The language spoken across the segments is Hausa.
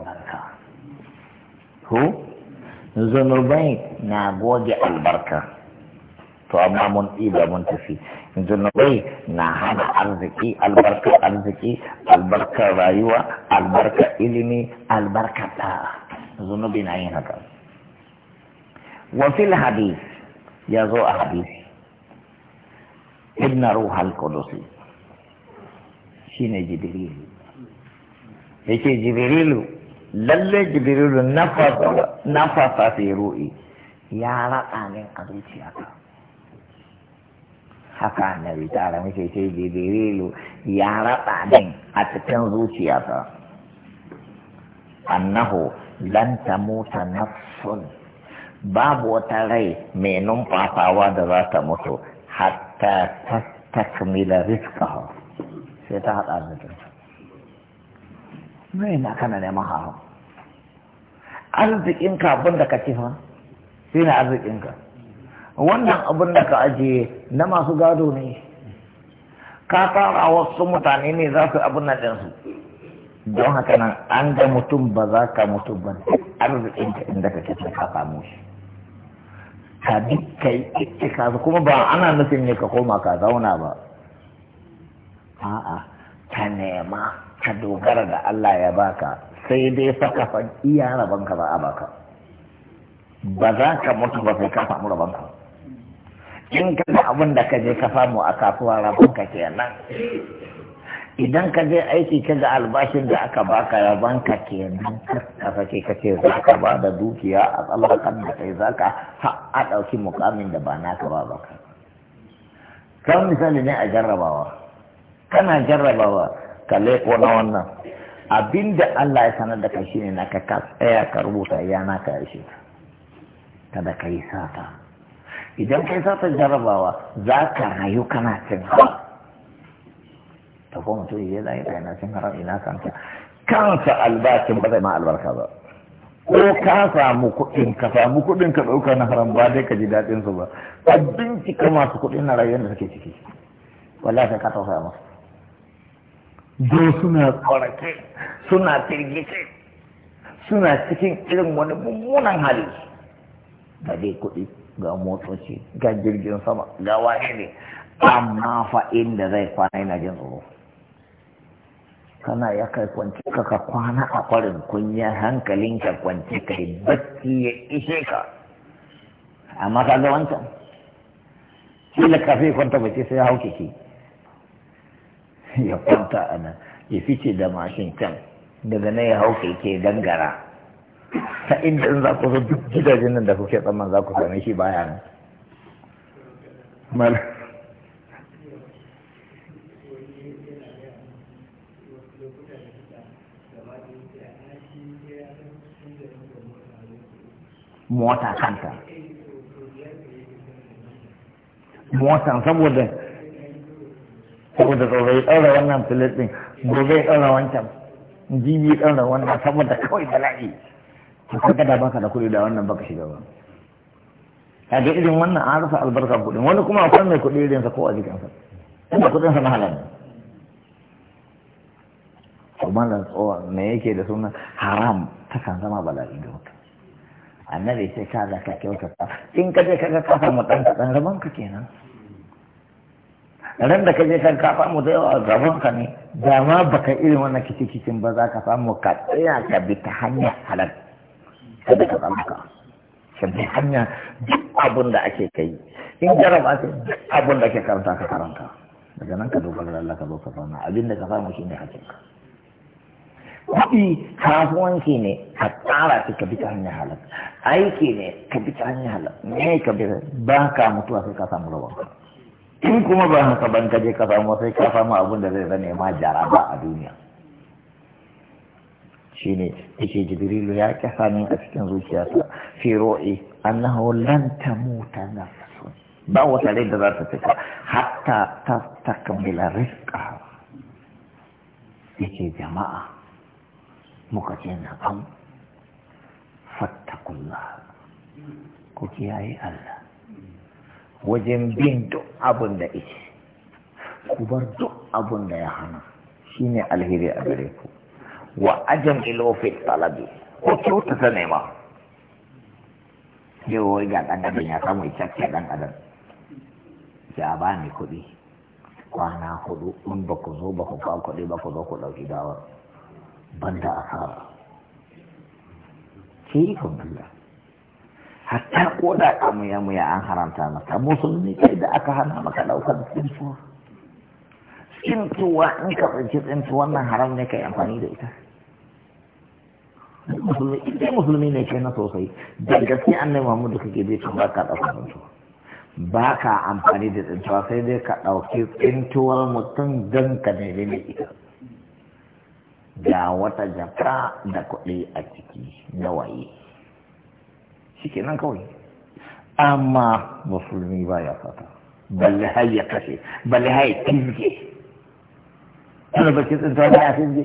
albarka ko zunubai na goge albarka to amma mun ɗiba mun tafi zunubai na hana arziki albarka arziki albarka rayuwa albarka ilimi albarka ɗa zunubi na yin haka wafil hadis ya zo a hadisi ibn ruhal kudusi shine jibrilu yake jibrilu Lallai jibrilu na fasa fi ya raɗa min a zuciyata haka na bitara muke ce jibrilu ya raɗa min a cikin zuciyata annahu lan na nafsun babu wata rai mai numfasawa da za ta mutu hatta ta takmila rizqaha sai ta haɗa da mai na kana neman haram arzikinka abin da ka ci fa shi ne arzikinka wannan abin da ka ajiye na masu gado ne ka fara wasu mutane ne za su abin nan ɗinsu don haka nan an ga mutum ba za ka mutu ba arzikinka inda ka ci ka samu shi ka bi ka yi ka kuma ba ana nufin ne ka koma ka zauna ba a'a ta nema ka dogara da Allah ya baka sai dai saka fa iya rabanka ba a baka ba za ka mutu ba sai ka samu ka in ka ga abin da ka je ka samu a kasuwa rabanka kenan idan ka je aiki ka ga albashin da aka baka rabanka kenan ka sake ka ce za ka ba da dukiya a tsallakan da kai za ka a ɗauki mukamin da ba naka ba baka kan misali ne a jarrabawa kana jarrabawa Ka ko na wannan abinda Allah ya sanar da kai shine naka ka tsaya ka rubuta ya ka yi shi kada kai sata idan kai sata jarabawa za ka rayu kana cin haram ta kuma mutum ya zai yana cin haram ina kanta kansa albashin ba zai ma albarka ba ko ka samu kuɗin ka samu kuɗin ka ɗauka na haram ba dai ka ji daɗin su ba ka bincika masu kuɗin na rayuwar da suke ciki wallahi sai ka tausaya masu zo suna tsorace suna firgice suna cikin irin wani mummunan hali ga dai kuɗi ga motoci ga jirgin sama ga waye ne amma fa inda zai kwana yana jin tsoro kana ya kai kwanci ka kwana a kwarin kunya hankalin ka kwanci ka yi bacci ya ishe ka amma ka ga wancan kila kafe kwanta bace sai ya hauke ki ya kwanta a nan ya fice da mashin can daga na ya hau keke gangara ta inda in za ku zo duk gidajen nan da kuke tsamman za ku same shi baya nan mota kanta motan saboda saboda tsoro ya ɗaura wannan filet ɗin gobe ya ɗaura wancan jibi ya ɗaura wannan saboda kawai bala'i Ka kaga da baka da kuɗi da wannan baka shiga ba a ga irin wannan an rasa albarkar kuɗin wani kuma akwai mai kuɗi irin sa ko a jikinsa inda kuɗin sa na halal kuma da tsawa me yake da suna haram ta kan zama bala'i ga mutum annabi sai ka ka kyauta in ka je kaga ka samu ɗan kaɗan rabanka kenan ran da ka je kan ka samu da yawa gaban ka ne da ma baka irin wannan kici kicin ba za ka samu ka tsaya ka bi ta hanyar halal bi ka samu ka ka bi hanya duk abun da ake kai in jaraba ce duk abun da ake karanta ka karanta daga nan ka dogara da Allah ka zo ka zauna abin da ka samu shine hakkin ka kuɗi kasuwanci ne a tsara shi ka bi ta hanyar halal aiki ne ka bi ta hanyar halal Ne ka bi ba ka mutuwa sai ka samu rawanka in kuma ba haka ban ka je ka samu sai ka samu abin da zai zane ma ba a duniya shine yake jibrilu ya kasa min a cikin zuciyarsa fi ro'i annahu lan tamuta nafsu ba wata rai da za ta hatta ta takamila rizqa yake jama'a muka ce na fattakullah ku kiyaye Allah wajen bin duk abin da ishe ku bar duk abin da ya hana shine alheri a gare ku wa ajan ilofi talabi ko kyauta ta nema yau ga ɗan adam ya samu cakke dan adam ya ba ni kuɗi kwana hudu in ba ku zo ba ku kuɗi ba ku zo ku ɗauki gawar banda asara ke ikon Allah hatta ko da kamuya muya an haramta maka musulmi kai da aka hana maka daukar tsintuwa tsintuwa in ka tsinci tsintuwa wannan haram ne kai amfani da ita musulmi ita musulmi ne kai na sosai da gaske annai mahmudu kake bai ba ka daukar tsintuwa ba ka amfani da tsintuwa sai dai ka ɗauki tsintuwar mutum don ka nemi ne ita ga wata jaka da kuɗi a ciki na waye shi nan kawai amma musulmi ba ya fata balle har ya kashe balle har ya kizge tana ba kitsin ta ya kizge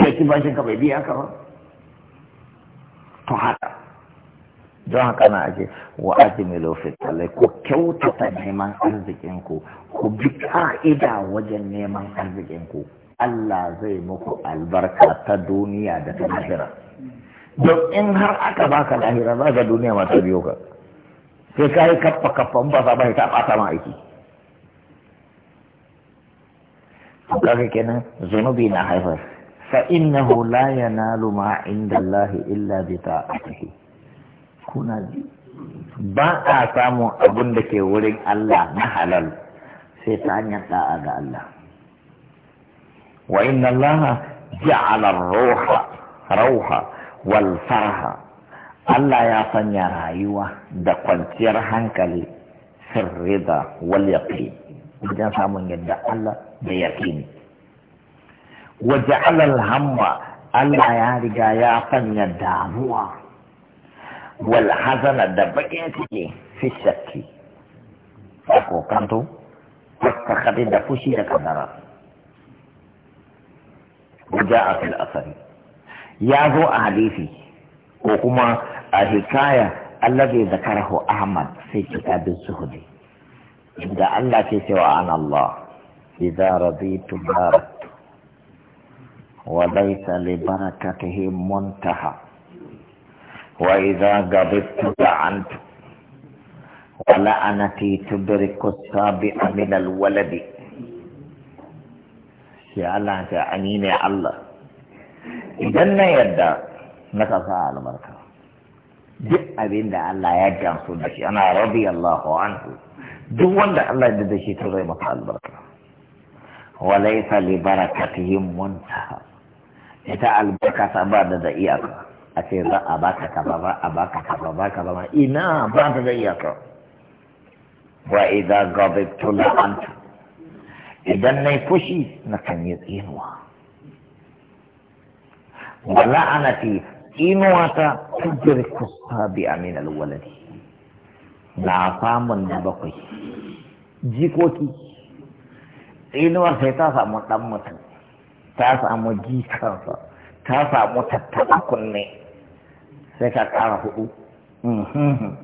ya ci bashin ka bai biya ka ba to haka don haka na ake wa Laufin talai ko kyautata neman arzikinku ku bi ka'ida wajen neman arzikinku Allah zai muku albarka ta duniya da ta nazira. don in har aka baka lahira za ga duniya mata biyo ka sai ka yi kaffa kaffa ba sa ba ta bata ma aiki to kaga kenan zunubi na haifar fa innahu la yanalu ma inda Allah illa bi ta'atihi kuna ji ba a samun abun da ke wurin Allah na halal sai ta hanyar da'a ga Allah wa inna Allah ja'ala ar-ruha wal faraha Allah ya sanya rayuwa da kwanciyar hankali sirrida wal yaqin wajen samun yadda Allah da yaqini wa ja'ala al hamma Allah ya riga ya sanya damuwa wal hazana da bakin ciki fi shakki ko kanto wasta da fushi da kadara وجاء في الأثر ya zo a hadisi ko kuma a hikaya allazi zakarahu ahmad sai kitabin zuhudi inda Allah ke cewa an Allah idza raditu baraktu wa laysa li barakatihi muntaha wa idza ghadibtu la'antu wa la'anati tudriku sabi'a min al-waladi sai Allah ta anine Allah idan na yadda na kasa albarka duk abin da Allah ya gamsu da shi ana radiyallahu anhu duk wanda Allah ya da shi to zai masa albarka wa laysa li barakatihim muntaha ita albarka ta ba da iyaka a ce za a baka ka ba a baka kaza ba ka ba ina ba da iyaka wa idan ghadabtu la anta idan nay fushi na kan yi tsinuwa ولعنتي inuwata tujjar kusa bi amin alwalari na samun na bakwai jikoki inuwar sai ta samu dan mutum ta samu jikansa ta samu tattaba kunne sai ka kara hudu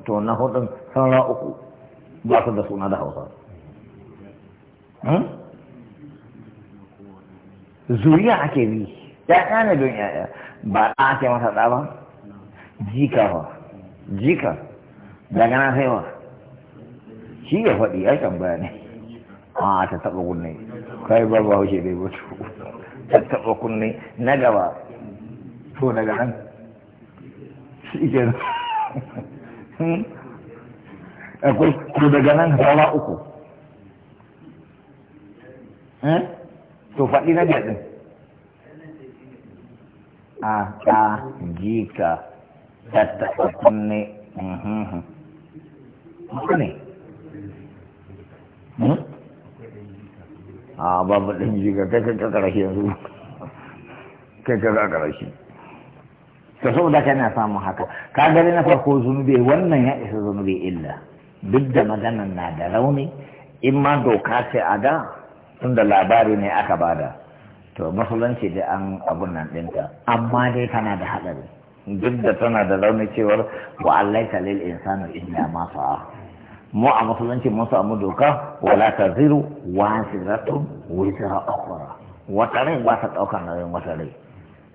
to na hudun saura uku ba su da suna da hausa zuriya ake bi ya'ya ne don ya? ba a ce masa ɗa ba jika ba jika daga na sai ba? shi ya faɗi ya tambaya ne a ta taɓa kunne kai ba ba haushe dai ba ta taɓa kunne na gaba to daga nan shi ke hmm? akwai ko daga nan saura uku hmm? to faɗi na biyar ɗin a ta jika tattaka kunne mhm. haka ne hmm? a babu ɗin jika kai kai kakarashi yanzu kai kai kakarashi ta saboda kana samun haka ka gari na farko zunubi wannan ya isa zunubi illa duk da maganan na da rauni in ma doka ce a da tun da labari ne aka bada to musulunci da an abun nan ɗinka amma dai tana da haɗari duk da tana da launin cewar wa allai lil insanu illa ma fa'a mu a musulunci mun samu doka wala ta ziru wa ziratu wizra ukhra wata rai ba ta na nauyin wata rai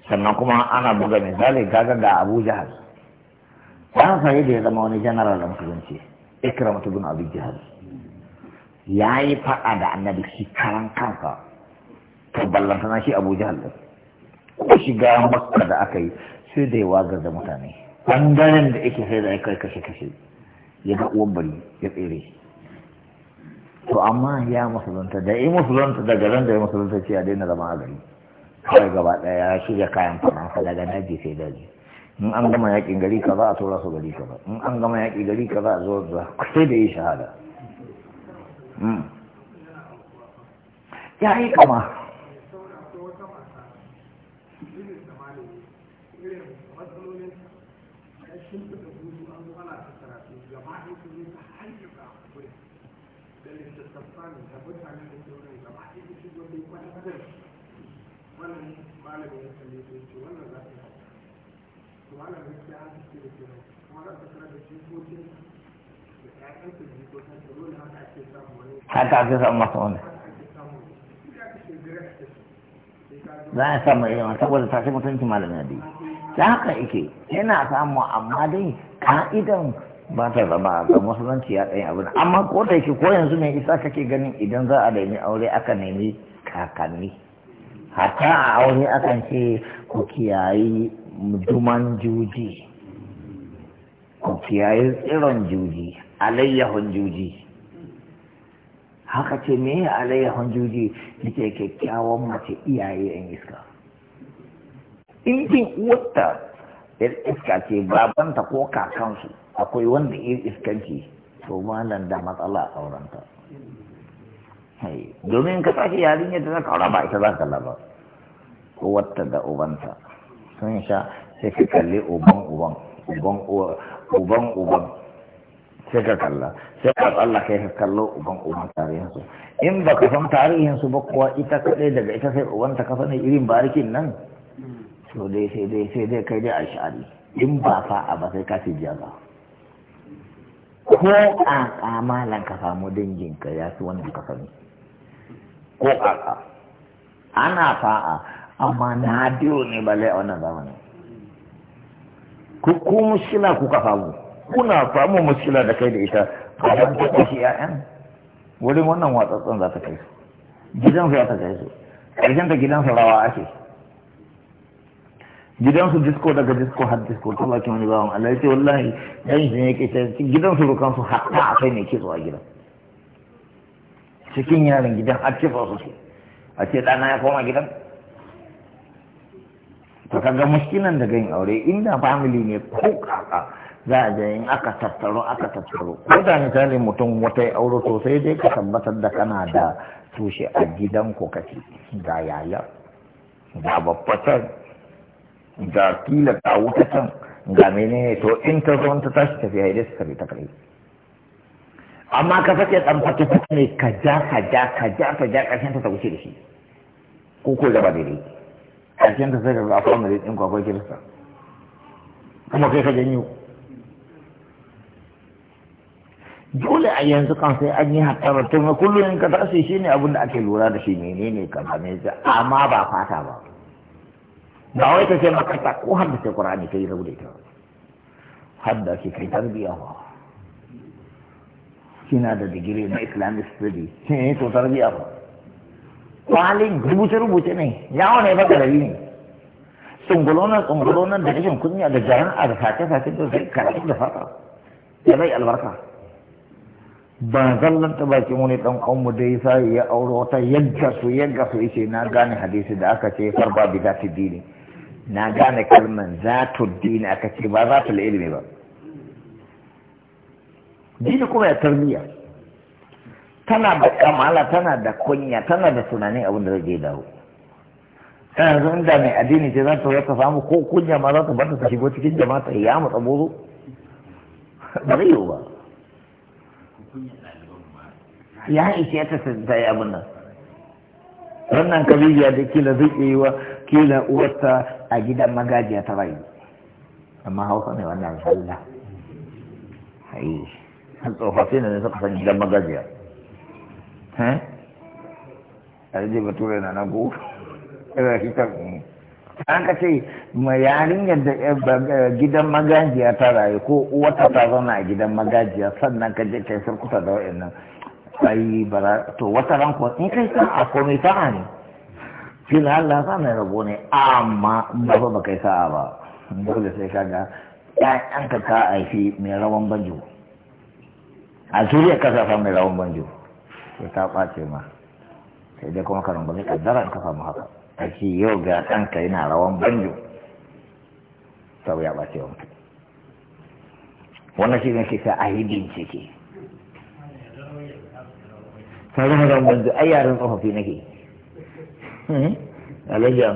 sannan kuma ana buga misali kaga da Abu Jahal ya sai da ya zama wani general da musulunci ikramatu bin Abi Jahal yayi faɗa da annabi shi karan kansa to ballantana shi abu jihar da ko shiga makka da aka yi sai da ya wagar da mutane ɓangaren da yake sai da ya kai kashe-kashe ya ga uwan bari ya tsere to amma ya musulunta da ya musulunta daga ran da ya musulunta ce a daina zama a gari kawai gaba ɗaya ya shirya kayan faransa daga naji sai daji in an gama yakin gari ka za a tura su gari ba in an gama yaki gari ka za a zo da sai da yi shahada hmm. ya yi kama ne da mutane da ke wurin gaba ɗaya da shi gobe kwata kwata wannan malamin ya kalle wannan za ta yi to malamin ya ce an ce da ke kuma za ta kira da da haka ake samu wani haka ake samu wani za a samu saboda tashi mutunci malamin da ta haka yana samu amma dai ka'idan ba ta zama ga musulunci ya ɗaya abin amma ko da yake ko yanzu ne isa kake ganin idan za a nemi aure aka nemi kakanni Hata a aure akan ce ku kiyayi duman juji ku kiyayi tsiron juji alayyahun juji haka ce me alayyahun juji nake kyakkyawan mace iyaye yan iska in uwarta yar iska ce babanta ko kakansu akwai wanda iya iskanci to malam da matsala a aurenta domin ka tashi yarinya za ka aura ba ita za ka laba wata da ubanta sun sha sai ka kalli uban uban uban uban uban sai ka kalla sai ka tsalla kai ka kallo uban uban tarihinsu in ba ka san tarihinsu ba kuwa ita kaɗai daga ita sai ubanta ka sani irin barikin nan to dai sai dai sai dai kai dai a sha'ari in ba fa'a ba sai ka fi jaza ko ƙaƙa malan ka samu danginka ya fi wanda ka sani ko ƙaƙa ana fa'a amma na biyu ne balai a wannan zamanin ku ku mushkila kuka samu kuna samu mushkila da kai da ita a yan kuka shi ƴaƴan wurin wannan watsatsan za ta kai su gidansu ya ta kai su ƙarshen ta gidansu rawa ake gidansu disko daga disko har disko ta baki wani bawan Allah ya ce wallahi dan shi ne yake ta gidansu rukan su hatta kai ne ke zuwa gidan cikin yaran gidan har kifa su a ce dana ya koma gidan to kaga muskinan daga yin aure inda family ne ko kaka za a je in aka tattaro aka tattaro ko da misali mutum wata ya aure to sai dai ka tabbatar da kana da tushe a gidan ko kace ga yaya ga babbatar ga kila ta wuta can ga menene to in ta zo ta tashi tafiya idan suka bi ta kai amma ka sake dan fata fata ne ka ja ka ja ka ja ka ja karshen ta ta wuce da shi ko ko da ba daidai ta sai ka ga akwai da ɗin kwakwai kirista kuma kai ka janyo dole a yanzu kan sai an yi hatsara to kullum in ka tashi shi abin da ake lura da shi menene ba ne amma ba fata ba ba wai ta ce makarta ko har da ce ƙur'ani ta yi rabu ta har da ke kai tarbiya ba kina da digiri na islamic study shi ne to tarbiya ba kwalin rubuce-rubuce ne ya ne ba galabi ne tsungulunan tsungulunan da rashin kunya da jaran a da sace-sace da zai karatu da fata ya zai albarka ba zallan ta bakin wani dan mu da ya sai ya auro wata yadda su yadda su yace na gane hadisi da aka ce farba bidati dini na gane kalman zatul dini aka ce ba zatu ilimi ba dini kuma ya tarbiya. tana da kamala tana da kunya tana da tunani abin da zai dawo tana zan da mai addini ce za ta zo samu ko kunya ma za ta bata ta shigo cikin jama'a ta ya mu tsaboro ba zai yi ba ya ishe ta sai abin nan wannan kabiya da kila zai iya yi wa kila uwarta a gidan magajiya ta rayu amma hausa ne wannan sallah ai tsofaffi ne suka san gidan magajiya eh aje bature na na go ina kika an ka ce ma yarin yadda eh, eh, gidan magajiya ta rayu ko wata ta zauna a gidan magajiya sannan ka je kai sarkuta da wa'annan Ayi bara to wata ran ko in kai san a komai ta ne fil sa mai rabo ne amma ba ba kai sa'a ba dole sai ka ga ɗan ka ka aifi mai rawan banjo a zuriya ka safa mai rawan banjo sai ta ɓace ma sai dai kuma karin bane kaddara in ka samu haka a ce yau ga ka yana rawan banjo sau ya ɓace wa mutum wannan shi ne ke sa a yi bincike sauran rawan banjo ai yaren tsofaffi nake Hmm. alayya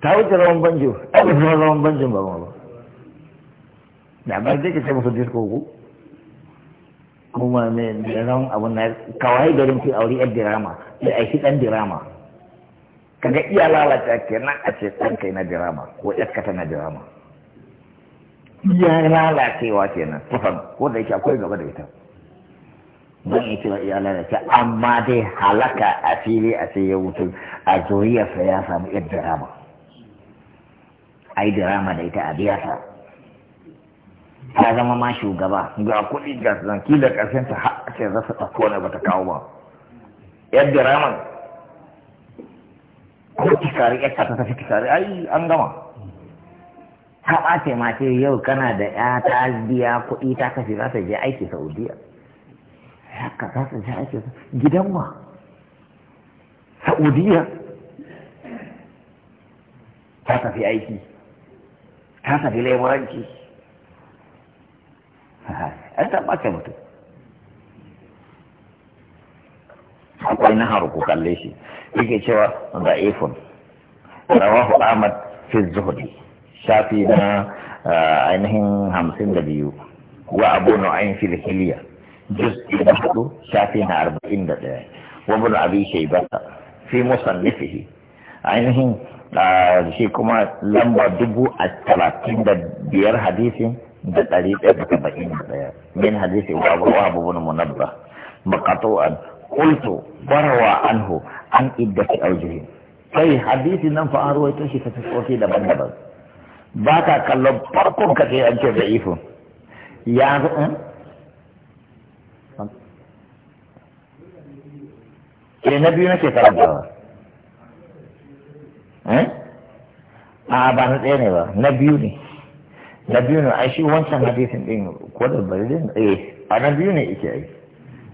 ta wuce rawan banjo ai ba zama rawan banjo ba ma ba da ba zai kace musu disko ku kuma me rawan abu na kawai garin fi aure yar dirama sai ai shi dan dirama kaga iya lalata kenan a ce ɗan kai na dirama ko ƴarka ta na dirama iya lalacewa kenan kufan ko da yake akwai gaba da ita don ya cewa iya ta amma dai halaka a fili a sai ya wuce a zuriyarsa ya samu yar dirama a yi dirama da ita a biyasa ta zama ma shugaba ga kuɗi ga zanki da ƙarshen ta har sai za su ɗauko bata kawo ba yar diraman ko kisari ya ta tafi kisari ai an gama ta ɓace ma ce yau kana da ya ta biya kuɗi ta kashe za ta je aiki saudiya haka za su ji ake gidan saudiya ta tafi aiki ta tafi laiburanci an taɓa ce mutum akwai na haru kalle shi yake cewa da'ifun rawahu ahmad fi zuhdi shafi na ah, ainihin hamsin da biyu wa abu nu'ayn fil hiliya جزء نحو شافينا أربعين دقيقة وابن أبي شيبة في مصنفه عينه shi kuma lamba dubu a talatin da biyar hadisin da ɗari da saba'in da ɗaya min hadisi wa abu wa abubuwan munabba barawa anho an iddaki aujihi kai hadisi nan fa an ruwaito shi ta fuskoki daban-daban ba ka kallon farkon ka ce an ce da ifin ya zo eh na biyu nake karantawa eh a ba na tsaye ne ba na biyu ne na biyu ne a shi wancan hadisin din ko da bari din eh a na biyu ne yake ai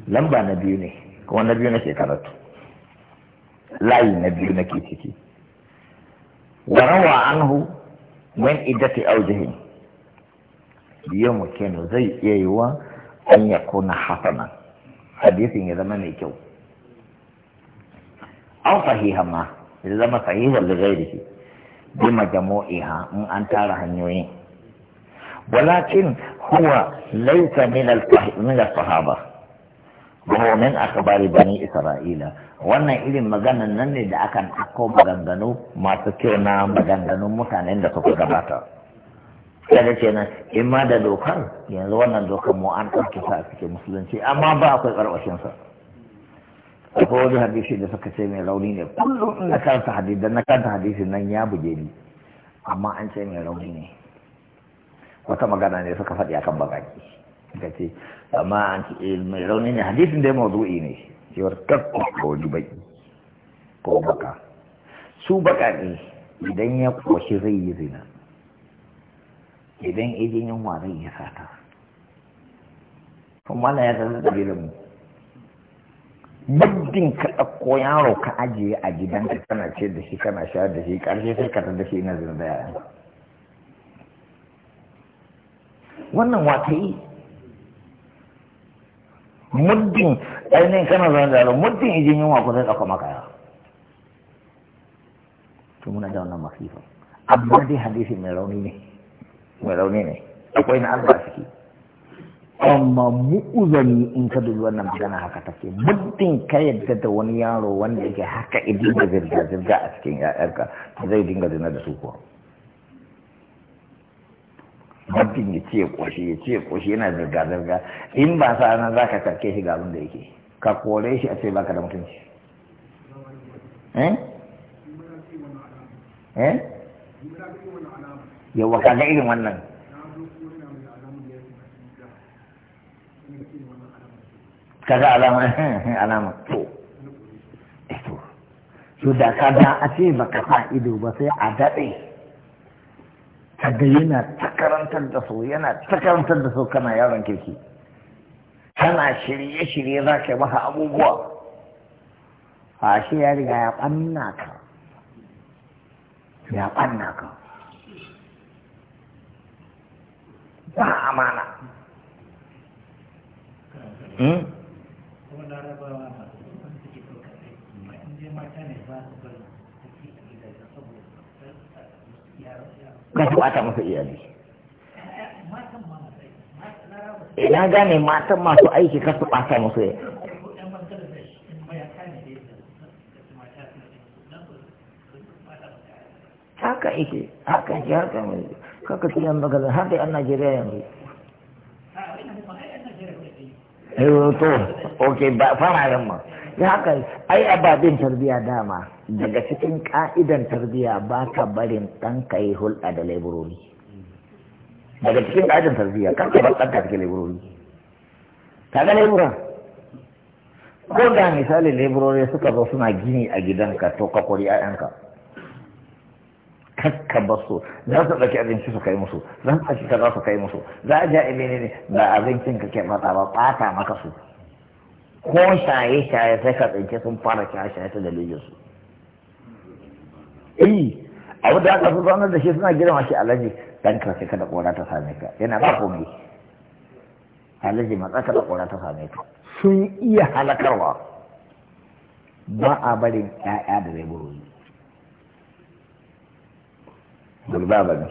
lamba na biyu ne kuma na biyu nake karatu layi na biyu nake ciki wa rawa anhu min iddati awjihi biyo mu kenan zai iya yiwa an yakuna hasana hadisin ya zama mai kyau an fahiha ma ya zama fahimtar da zai rike bi majamu'iha in an tara hanyoyin walakin huwa laita min al-fahimina sahaba bawo men isra'ila wannan irin magana nan ne da aka ko maganganu ma su ke na maganganu mutanen da suka gabata ya da ce na imma da dokar yanzu wannan dokar mu'an ƙarfi ta a cikin musulunci amma ba akwai ƙarƙashinsa ko wani hadisi da suka ce mai rauni ne kullum na kanta hadisi na kanta hadisi nan ya buge ni amma an ce mai rauni ne wata magana ne suka faɗi akan bakaki ga ce amma an ce eh, mai rauni ne hadisin dai mawdu'i ne cewar kakko ko wani baki ko baka su bakaki idan ya koshi zai yi zina idan yin yunwa zai yi sata kuma na ya zama da mu muddin ka ɗauko yaro ka ajiye a ka kana ce da shi kana sha da shi ƙarshe sai ka da shi ina zina da yayan wannan wata yi muddin ainihin kana zaune da yaro muddin ijin yunwa ku sai ɗauka maka yawa to muna da wannan masifa amma dai hadisi mai rauni ne mai rauni ne akwai na alba ciki amma mu'uzani in ka dubi wannan magana haka take muddin ka yadda da wani yaro wanda yake haka idin da zirga zirga a cikin ya'yarka zai dinga zina da su kuwa muddin ya ce koshi ya ce koshi yana zirga zirga in ba sa nan za ka karke shi ga abin da yake ka kore shi a ce ka da mutunci eh eh yawa irin wannan kaza alama eh, eh, eh, alama to to so da kada a ce baka sa ido ba sai a daɗe kaga yana takarantar da so yana takarantar da so kana yaron kirki kana shirye-shirye za ka yi masa abubuwa a shi ya riga ya ɓanna ka ya ɓanna ka ba amana hmm? ga su bata musu iyali ina gane matan masu aiki kar su bata musu iyali haka ike haka ike haka mai kaka tiyan magana har dai an najeriya yanzu eh to ok ba fara yamma da haka ai ababen tarbiya dama daga cikin ka'idan tarbiya ba ka barin ɗanka yi hulɗa da laiburori daga cikin ka'idan tarbiya kan ka bar ɗanka cikin laiburori ka ga laibura ko da misali laiburori suka zo suna gini a gidanka to ka kori ayanka kakka ba su za su ɗauki abinci su kai musu za su ɗauki za su kai musu za a ja ne ba abincin ka ke mata ba ɓata maka su ko shaye-shaye sai ka tsinke sun fara shaye-shaye ta dalilin su eh abu da aka zauna da shi suna girma shi alaji dan ka sai kada kora ta same ka yana ba komai alaji ka da kora ta same ka sun iya halakarwa ba a barin ƴaƴa da zai ne gurba ba ne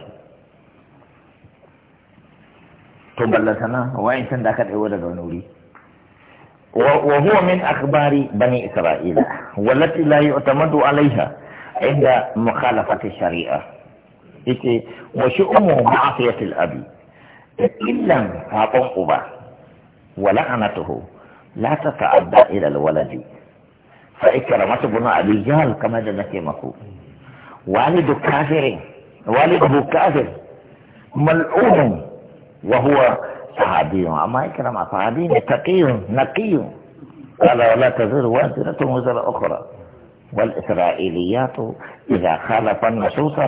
to ballatana wayan can da aka ɗaiwa daga wani wuri وهو من أخبار بني إسرائيل والتي لا يعتمد عليها عند مخالفة الشريعة وشؤمه معصية الأب إن لم أبا ولعنته لا تتعدى إلى الولد فإكرمة ابن أبي جهل كما ذلك مكو والد كافر والده كافر ملعون وهو صحابي وما يكرم صحابي تقي نقي قال ولا تزر وازرة وزر أخرى والإسرائيليات إذا خالف نصوصا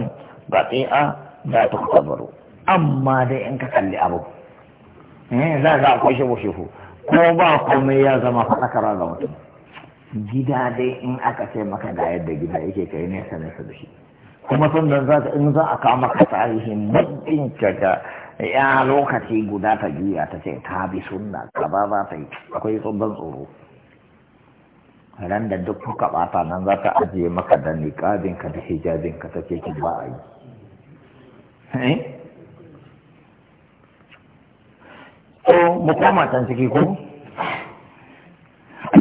بطيئة لا تختبر أما دي إنك خلي أبو إيه؟ لا لا شوفوا شوفوا كوبا قومي يا زما فتكر هذا مطمئن gida dai in aka ce maka ga yadda gida yake kai ne sanar da shi kuma sun da za ka in ya lokaci guda ta juya ta ce ta bi sunna kaza za ta yi akwai tsubban tsoro ran da duk kuka bata nan za ta ajiye maka da niƙabin ka da hijabin ka ta ce ki ba a yi ko eh? mu koma can ciki ko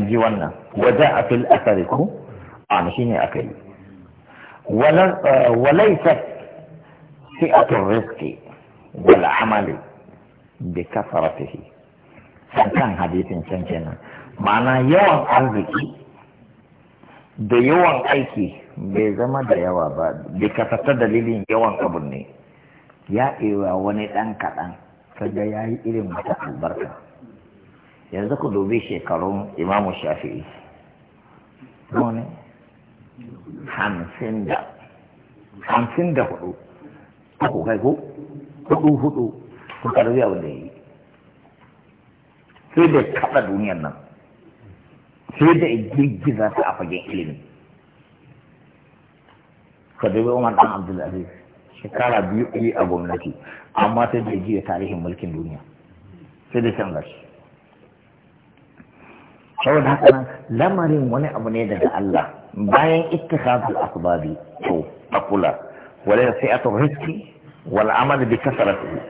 ji wannan waje a fil asari ko a shi ne aka yi walaisa eh, fi'atun riski والعمل بكثرته kan hadisin كان kenan Ma'ana yawan arziki da yawan aiki bai zama da yawa ba bi kasata dalilin yawan abu ne ya ewa wani dan kaɗan kaga ya yi irin mata albarka yanzu ku dubi shekarun imamu shafi'i ne hamsin da hamsin da hudu ku kai ku hudu hudu kun karbi abin da ya yi sai da kaɗa duniyar nan sai da girgiza ta a fagen ilimi ka dubi umar dan abdulaziz shekara biyu yi a gwamnati amma sai da jiya tarihin mulkin duniya sai da canza shi saboda haka nan lamarin wani abu ne daga Allah bayan ittikhadul asbabi to akula wala fi'atul rizqi والعمل بكثرته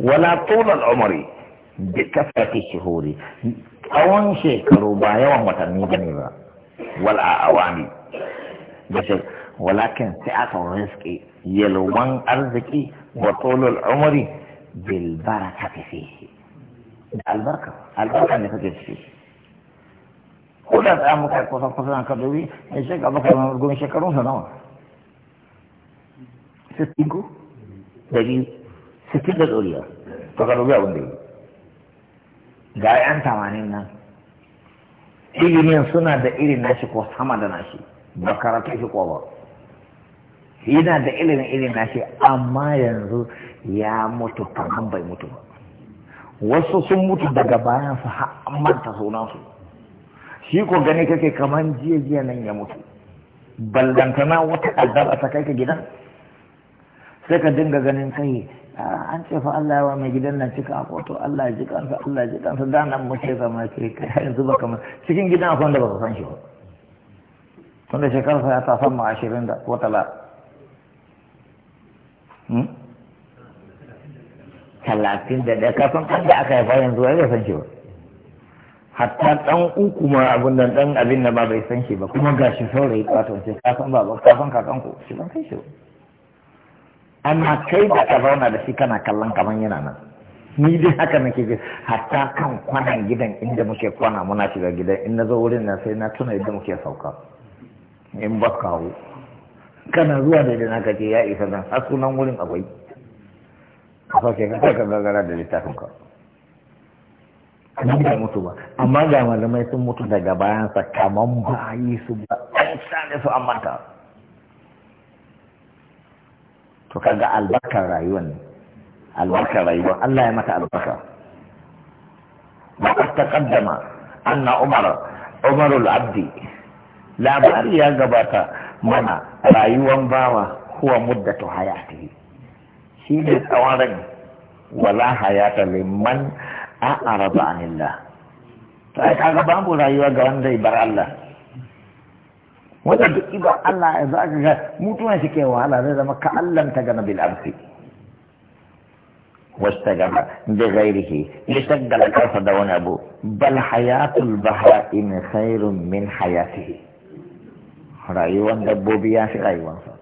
ولا طول العمر بكثرة الشهور أون شيكرو كروبا يوم وتنمي جنبا والأعوام ولكن سعة الرزق يلوان أرزقي وطول العمر بالبركة فيه البركة البركة اللي تجد فيه كل هذا tsaya muka kusan kusan ka dubi ya shek abokan gumi shekarunsa nawa sittin ko da da ɗoriya to ka dubi yi ga yan tamanin nan ilimin suna da irin nashi ko sama da nashi ba karatu shi ko ba yana da ilimin irin nashi amma yanzu ya mutu kamar bai mutu ba wasu sun mutu daga bayan su an manta sunansu shi ko gani kake kamar jiya jiya nan ya mutu ballantana wata kaddara ta kai ka gidan sai ka dinga ganin kai ah, an ce fa Allah wa mai gidan nan cika to Allah ji kansa Allah ji kansa da nan muke zama ce kai yanzu ba kamar cikin gidan akwai wanda ka san shi ba tunda shekarsa ya ta san sama ashirin da ko tala hmm? talatin da da ka san kanda aka haifa yanzu ai ba san shi ba hatta dan uku ma abin nan dan abin da ba bai san shi ba kuma gashi saurayi katon ce ka san baban ka san kakan ku shi ban kai shi ba amma kai da ka zauna da shi kana kallon kamar yana nan ni dai haka nake ji hatta kan kwanan gidan inda muke kwana muna shiga gidan in na zo wurin na sai na tuna yadda muke sauka in ba kawo kana zuwa da idan aka ce ya isa nan a sunan wurin akwai a sauke ka ka gagara da littafin ka mutu ba amma ga malamai sun mutu daga bayansa kamar bayi su ba an sane su an manta to kaga albarkar rayuwar ne albarkar rayuwar Allah ya mata albarka وقد تقدم أن عمر عمر العبد labari ya gabata mana rayuwan bawa huwa muddatu hayatihi shi ne tsawon wala hayata liman a araba anillah ta kaga ga babu rayuwa ga wanda ya bar Allah wanda duk iba Allah ya za ka ga mutuwa shi ke wahala zai zama ka Allah ta gana bil amsi ta gama da gairihi ya shaggala kansa da wani abu bal hayatul in khairun min hayatihi Rayuwan dabbobi ya fi rayuwansa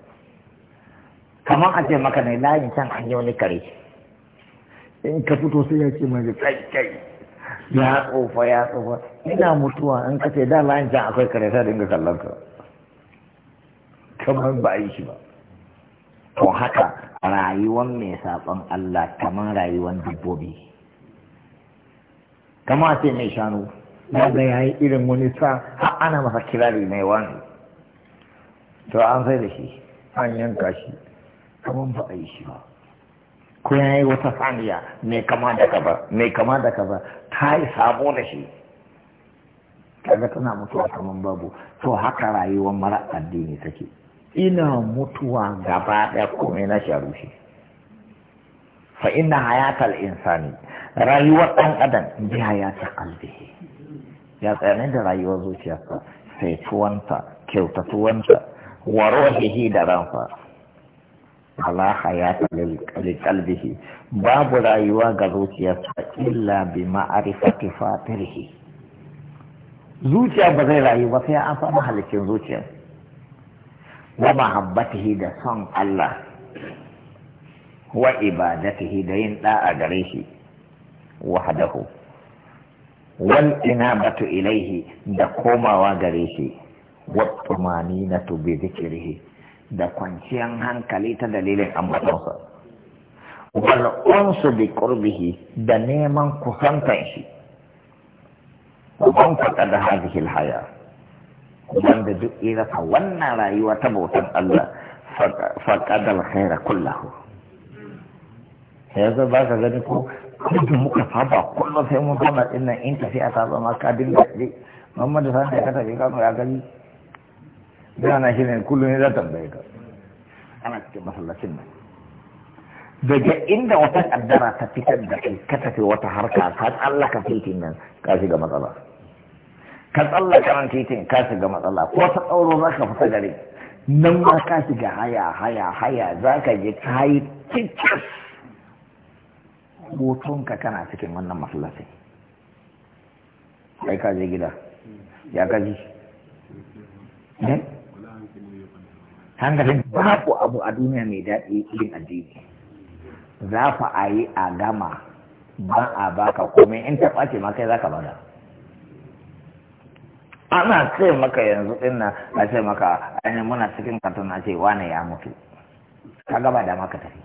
kamar a ce maka ne layin can an yi wani kare in ka fito sai ya ce mai kai kai ya tsofa ya tsofa ina mutuwa in ka ce da layin can akwai kare sai dinga kallon ka kamar ba a yi shi ba to haka rayuwar mai saɓon Allah kamar rayuwar dabbobi kama ce mai shanu na ga yi irin wani sa har ana masa kirari mai wani to an sai da shi an yanka shi kamar ba a yi shi ba ko ya yi wata saniya mai kama da ba mai kama da ba ta yi sabo da shi kaga tana mutuwa kamar babu to haka rayuwar mara addini take ina mutuwa gaba ɗaya komai na shi a rushe fa ina hayatal insani rayuwar ɗan adam ji hayatar kalbihi ya tsayanin da rayuwar zuciyarsa sai tuwanta kyautatuwanta waro hihi da ranfa ala hayata li qalbihi babu rayuwa ga zuciyarsa illa bi ma'arifati fatirhi zuciya ba zai rayu sai an samu mahalicin zuciyarsa wa mahabbatihi da son Allah wa ibadatihi da yin da'a gare shi wahdahu wal inabatu ilaihi da komawa gare shi wa tumaninatu bi dhikrihi da kwanciyan hankali ta dalilin ambatonsa wal unsu bi qurbihi da neman kusantan shi wa man da hadhihi al haya wanda duk irasa wannan rayuwa ta bautan Allah faƙadar khaira kullahu yanzu ba ka gani ko kudin muka saba kullum sai mun zama din nan in tafiya ta zama ka dinga je Muhammadu san da ka tafi ka ya gani da na shi ne kullum ne za ta tambaye ka ana cikin masallacin nan daga inda wata kaddara ta fitar da kai ka tafi wata harka ka Allah ka fitin nan ka shiga matsala ka tsalla ran titin ka shiga matsala ko ta tsauro za ka fita gare nan ma ka shiga haya haya haya za ka je ka yi cikas hotonka kana cikin wannan matsalasai sai ka je gida ya gaji ne eh? hankalin babu abu a duniya mai daɗi irin addini za fa a yi a gama ba a baka komai in ta ɓace ma kai za ka bada ana ce maka yanzu din nan a ce maka ainihin muna cikin kantin na ce wane ya mutu ka gaba da maka tafi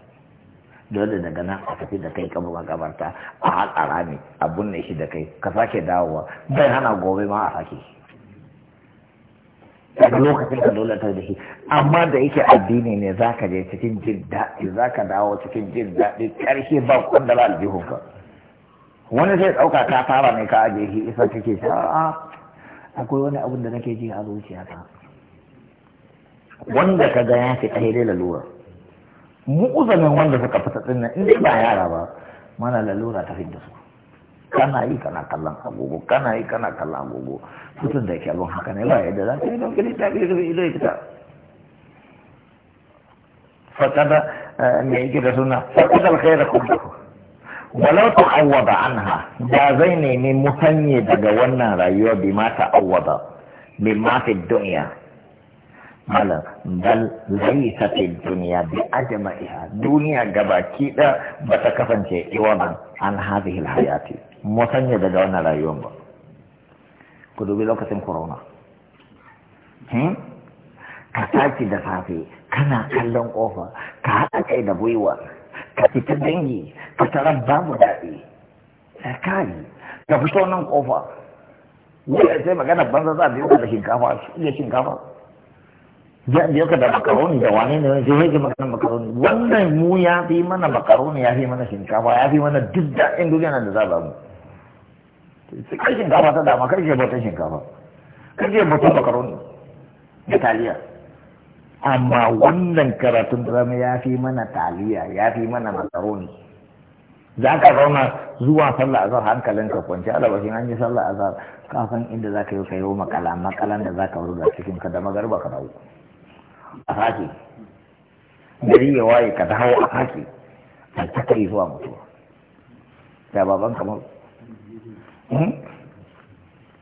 dole daga nan a tafi da kai kabu makabarta a haka rami a binne shi da kai ka sake dawowa bai hana gobe ma a sake daga lokacin ka dole ta da shi amma da yake addini ne za ka je cikin jin daɗi za ka dawo cikin jin daɗi ƙarshe ba kwandala aljihunka wani zai ɗauka ka fara ne ka ajiye shi isa kake ta akwai wani abun da nake ji a zuciyata wanda ka ga ya fi ɗaya lalura mu'uzanin wanda suka fita ɗin nan inda ba yara ba mana lalura ta fidda su kana yi kana kallon agogo kana yi kana kallon agogo mutum da yake abin haka ne ba yadda za ka yi don gani ta biyu zai zai fita fakada eh, mai gida suna fakadar kai da kuma walau ta awwada anha ba zai nemi musanye daga wannan rayuwa bi ma ta awwada min ma fi duniya malam bal laysa fi duniya bi ajma'iha duniya gabaki da bata kasance iwanan an hadhihi alhayati musanye daga wannan rayuwar ba ku dubi lokacin corona hmm? ka tashi da safe kana kallon kofa ka haɗa kai da gwiwa ka fita dangi ka tara babu daɗi tsakani ka fito nan kofa ya sai magana banza za a biyo ka da shinkafa iya shinkafa ya biyo ka da makaroni da wani ne zai yi magana makaroni wannan mu ya fi mana makaroni ya fi mana shinkafa ya fi mana duk in duniya nan da za ba mu kai shinkafa ta dama shi ke bauta shinkafa kar ke bauta makaroni da taliya amma wannan karatun drama ya fi mana taliya ya fi mana makaroni za ka zauna zuwa sallah azhar hankalin ka kwanci alabashin an yi sallah azhar kafin inda za ka yi kayo makala makalan da za ka wurga cikin ka da magarba ka dawo a sake gari ya waye ka dawo a sake a ta kai zuwa mutuwa da baban kamar hmm?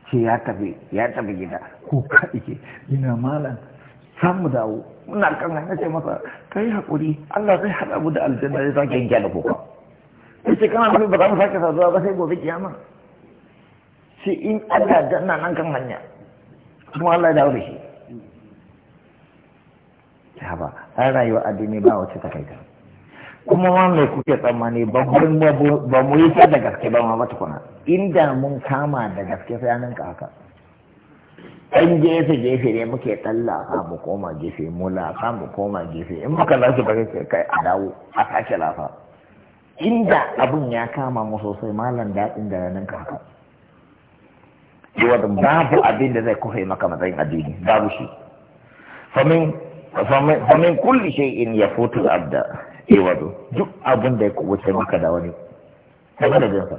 shi ya tafi ya tafi gida ko ka ike ina malam samu dawo muna kan hanya ce masa yi hakuri Allah zai haɗa mu da aljanna zai sake yanke da kuka ce kana nufin ba za mu sake saduwa ba sai gobe kiyama shi in Allah da nan kan hanya kuma Allah ya dawo da shi ba an rayuwa addini ba wacce ta kai ta kuma ma mai kuke tsammani ba mu yi ta da gaske ba ma matukuna inda mun kama da gaske sai an ninka haka ɗan gefe gefe ne muke tallafa mu koma gefe mula, ka mu koma gefe in muka lafi ba kai kai a dawo a sake lafa inda abin ya kama mu sosai malam daɗin da ranar kaka wadda babu abin da zai yi maka matsayin addini babu shi famin kulli in ya fotu abda iwado eh, duk abin da ya kubuce maka da wani da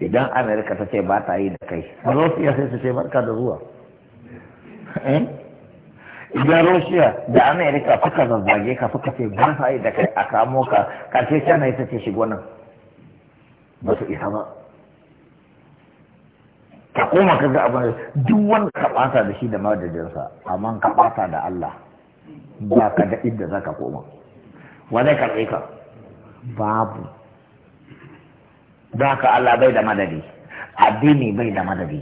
idan amerika ta ce ba ta yi da kai russia sai su ce barka da zuwa eh? idan russia da amerika suka zazzage ka suka ce ba ta yi da kai a kamo ka karshe china ta ce shigo nan ba su isa ba ka koma ka ga abin duk wanda ka bata da shi da madadinsa amma ka bata da allah ba ka da inda za ka koma Wani karɓe ka babu don haka Allah bai da madadi addini bai da madadi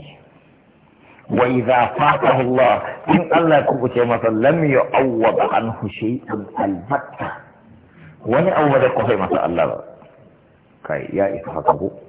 wa idza fatahu Allah in Allah ya kubuce masa lam yu'awwad anhu shay'un albatta wani awwada zai kwafe masa Allah ba kai ya isa haka ko